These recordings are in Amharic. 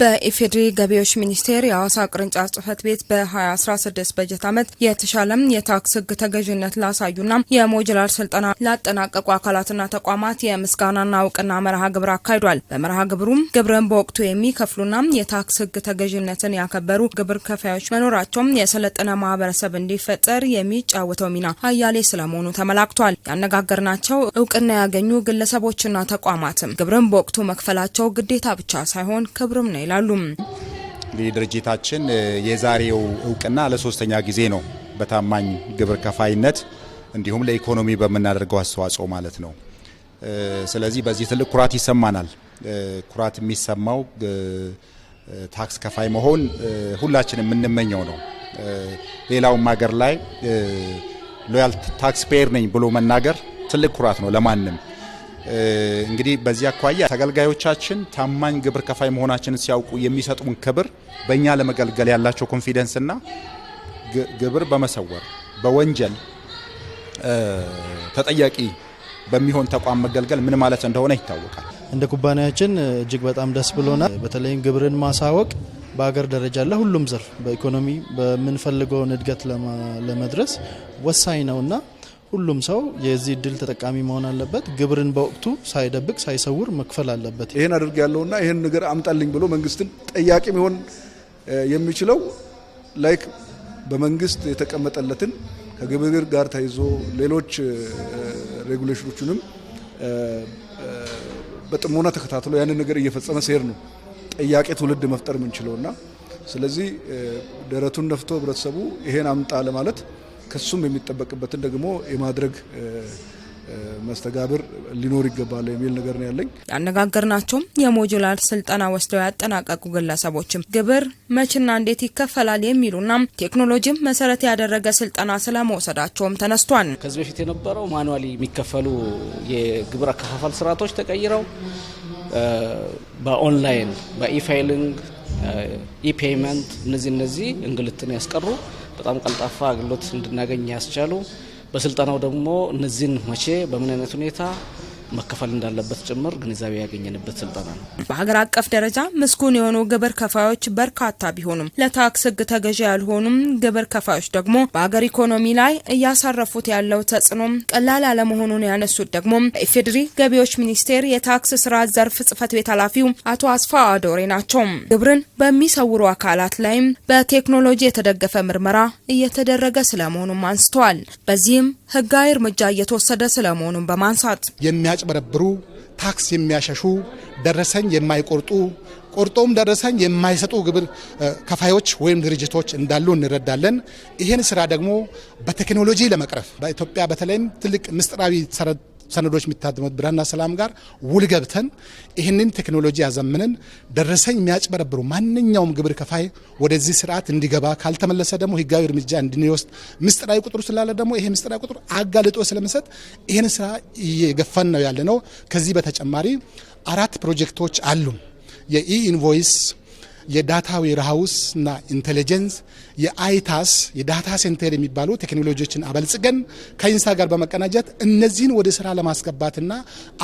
በኢፌዴሪ ገቢዎች ሚኒስቴር የአዋሳ ቅርንጫፍ ጽህፈት ቤት በ2016 በጀት ዓመት የተሻለም የታክስ ህግ ተገዥነት ላሳዩና የሞጅላር ስልጠና ላጠናቀቁ አካላትና ተቋማት የምስጋናና እውቅና መርሃ ግብር አካሂዷል። በመርሃ ግብሩም ግብርን በወቅቱ የሚከፍሉና የታክስ ህግ ተገዥነትን ያከበሩ ግብር ከፋዮች መኖራቸውም የሰለጠነ ማህበረሰብ እንዲፈጠር የሚጫወተው ሚና አያሌ ስለመሆኑ ተመላክቷል። ያነጋገርናቸው እውቅና ያገኙ ግለሰቦችና ተቋማትም ግብርን በወቅቱ መክፈላቸው ግዴታ ብቻ ሳይሆን ክብርም ነው ይላሉ። እንግዲህ ድርጅታችን የዛሬው እውቅና ለሶስተኛ ጊዜ ነው በታማኝ ግብር ከፋይነት እንዲሁም ለኢኮኖሚ በምናደርገው አስተዋጽኦ ማለት ነው። ስለዚህ በዚህ ትልቅ ኩራት ይሰማናል። ኩራት የሚሰማው ታክስ ከፋይ መሆን ሁላችን የምንመኘው ነው። ሌላውም ሀገር ላይ ሎያል ታክስ ፔየር ነኝ ብሎ መናገር ትልቅ ኩራት ነው ለማንም እንግዲህ በዚህ አኳያ ተገልጋዮቻችን ታማኝ ግብር ከፋይ መሆናችንን ሲያውቁ የሚሰጡን ክብር በእኛ ለመገልገል ያላቸው ኮንፊደንስና ግብር በመሰወር በወንጀል ተጠያቂ በሚሆን ተቋም መገልገል ምን ማለት እንደሆነ ይታወቃል። እንደ ኩባንያችን እጅግ በጣም ደስ ብሎናል። በተለይም ግብርን ማሳወቅ በሀገር ደረጃ ለሁሉም ዘርፍ በኢኮኖሚ በምንፈልገውን እድገት ለመድረስ ወሳኝ ነውና ሁሉም ሰው የዚህ እድል ተጠቃሚ መሆን አለበት። ግብርን በወቅቱ ሳይደብቅ ሳይሰውር መክፈል አለበት። ይህን አድርግ ያለውና ይህን ነገር አምጣልኝ ብሎ መንግስትን ጠያቂ መሆን የሚችለው ላይክ በመንግስት የተቀመጠለትን ከግብር ጋር ተይዞ ሌሎች ሬጉሌሽኖችንም በጥሞና ተከታትሎ ያንን ነገር እየፈጸመ ሲሄድ ነው ጠያቂ ትውልድ መፍጠር የምንችለውና ስለዚህ ደረቱን ነፍቶ ህብረተሰቡ ይሄን አምጣ ለማለት ከሱም የሚጠበቅበትን ደግሞ የማድረግ መስተጋብር ሊኖር ይገባል የሚል ነገር ነው ያለኝ። ያነጋገርናቸውም የሞጁላር ስልጠና ወስደው ያጠናቀቁ ግለሰቦችም ግብር መቼና እንዴት ይከፈላል የሚሉና ቴክኖሎጂም መሰረት ያደረገ ስልጠና ስለመውሰዳቸውም ተነስቷል። ከዚህ በፊት የነበረው ማኑዋሊ የሚከፈሉ የግብር አከፋፈል ስርዓቶች ተቀይረው በኦንላይን በኢፋይሊንግ ኢፔይመንት እነዚህ እነዚህ እንግልትን ያስቀሩ በጣም ቀልጣፋ አገልግሎት እንድናገኝ ያስቻሉ በስልጠናው ደግሞ እነዚህን መቼ በምን አይነት ሁኔታ መከፈል እንዳለበት ጭምር ግንዛቤ ያገኘንበት ስልጠና ነው። በሀገር አቀፍ ደረጃ ምስጉን የሆኑ ግብር ከፋዮች በርካታ ቢሆኑም ለታክስ ህግ ተገዢ ያልሆኑም ግብር ከፋዮች ደግሞ በሀገር ኢኮኖሚ ላይ እያሳረፉት ያለው ተጽዕኖ ቀላል አለመሆኑን ያነሱት ደግሞ በኢፌዴሪ ገቢዎች ሚኒስቴር የታክስ ስራ ዘርፍ ጽህፈት ቤት ኃላፊው አቶ አስፋ አዶሬ ናቸው። ግብርን በሚሰውሩ አካላት ላይም በቴክኖሎጂ የተደገፈ ምርመራ እየተደረገ ስለመሆኑም አንስተዋል። በዚህም ህጋዊ እርምጃ እየተወሰደ ስለመሆኑን በማንሳት የሚያጭበረብሩ፣ ታክስ የሚያሸሹ፣ ደረሰኝ የማይቆርጡ ቆርጦም ደረሰኝ የማይሰጡ ግብር ከፋዮች ወይም ድርጅቶች እንዳሉ እንረዳለን። ይህን ስራ ደግሞ በቴክኖሎጂ ለመቅረፍ በኢትዮጵያ በተለይም ትልቅ ምስጢራዊ ሰነዶች የሚታተሙት ብርሃንና ሰላም ጋር ውል ገብተን ይህንን ቴክኖሎጂ ያዘምንን ደረሰኝ የሚያጭበረብሩ ማንኛውም ግብር ከፋይ ወደዚህ ስርዓት እንዲገባ ካልተመለሰ ደግሞ ህጋዊ እርምጃ እንድንወስድ ምስጢራዊ ቁጥሩ ስላለ ደግሞ ይሄ ምስጢራዊ ቁጥሩ አጋልጦ ስለመሰጥ ይህን ስራ እየገፋን ነው ያለ ነው። ከዚህ በተጨማሪ አራት ፕሮጀክቶች አሉ የኢኢንቮይስ የዳታ ዌርሃውስ እና ኢንቴሊጀንስ የአይታስ የዳታ ሴንተር የሚባሉ ቴክኖሎጂዎችን አበልጽገን ከኢንሳ ጋር በመቀናጀት እነዚህን ወደ ስራ ለማስገባትና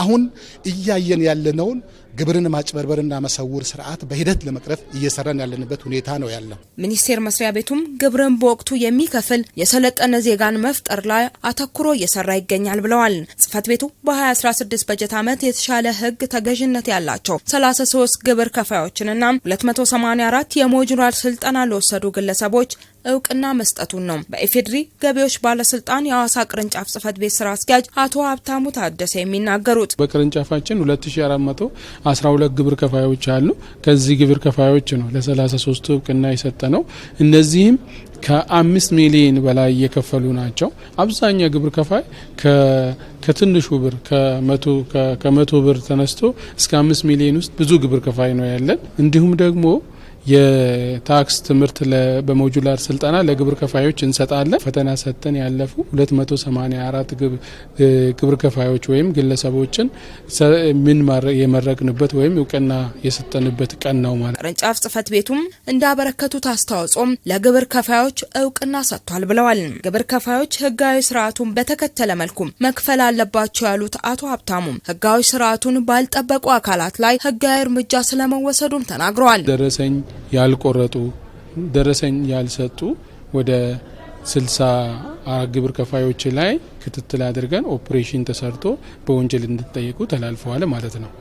አሁን እያየን ያለነውን ግብርን ማጭበርበርና መሰውር ስርዓት በሂደት ለመቅረፍ እየሰራን ያለንበት ሁኔታ ነው ያለው። ሚኒስቴር መስሪያ ቤቱም ግብርን በወቅቱ የሚከፍል የሰለጠነ ዜጋን መፍጠር ላይ አተኩሮ እየሰራ ይገኛል ብለዋል። ጽህፈት ቤቱ በ2016 በጀት ዓመት የተሻለ ህግ ተገዥነት ያላቸው 33 ግብር ከፋዮችንና 284 የሞጁራል ስልጠና ለወሰዱ ግለሰቦች እውቅና መስጠቱን ነው። በኢፌድሪ ገቢዎች ባለስልጣን የአዋሳ ቅርንጫፍ ጽህፈት ቤት ስራ አስኪያጅ አቶ ሀብታሙ ታደሰ የሚናገሩት በቅርንጫፋችን 2412 ግብር ከፋዮች አሉ። ከዚህ ግብር ከፋዮች ነው ለ33ቱ እውቅና የሰጠ ነው። እነዚህም ከአምስት ሚሊዮን በላይ የከፈሉ ናቸው። አብዛኛው ግብር ከፋይ ከትንሹ ብር ከመቶ ብር ተነስቶ እስከ አምስት ሚሊዮን ውስጥ ብዙ ግብር ከፋይ ነው ያለን። እንዲሁም ደግሞ የታክስ ትምህርት በሞጁላር ስልጠና ለግብር ከፋዮች እንሰጣለን። ፈተና ሰጥተን ያለፉ 284 ግብር ከፋዮች ወይም ግለሰቦችን ምን የመረቅንበት ወይም እውቅና የሰጠንበት ቀን ነው ማለት። ቅርንጫፍ ጽሕፈት ቤቱም እንዳበረከቱት አስተዋጽኦም ለግብር ከፋዮች እውቅና ሰጥቷል ብለዋል። ግብር ከፋዮች ህጋዊ ስርዓቱን በተከተለ መልኩ መክፈል አለባቸው ያሉት አቶ ሀብታሙም ህጋዊ ስርዓቱን ባልጠበቁ አካላት ላይ ህጋዊ እርምጃ ስለመወሰዱም ተናግረዋል። ደረሰኝ ያልቆረጡ ደረሰኝ ያልሰጡ ወደ ስልሳ ግብር ከፋዮች ላይ ክትትል አድርገን ኦፕሬሽን ተሰርቶ በወንጀል እንዲጠየቁ ተላልፈዋል ማለት ነው።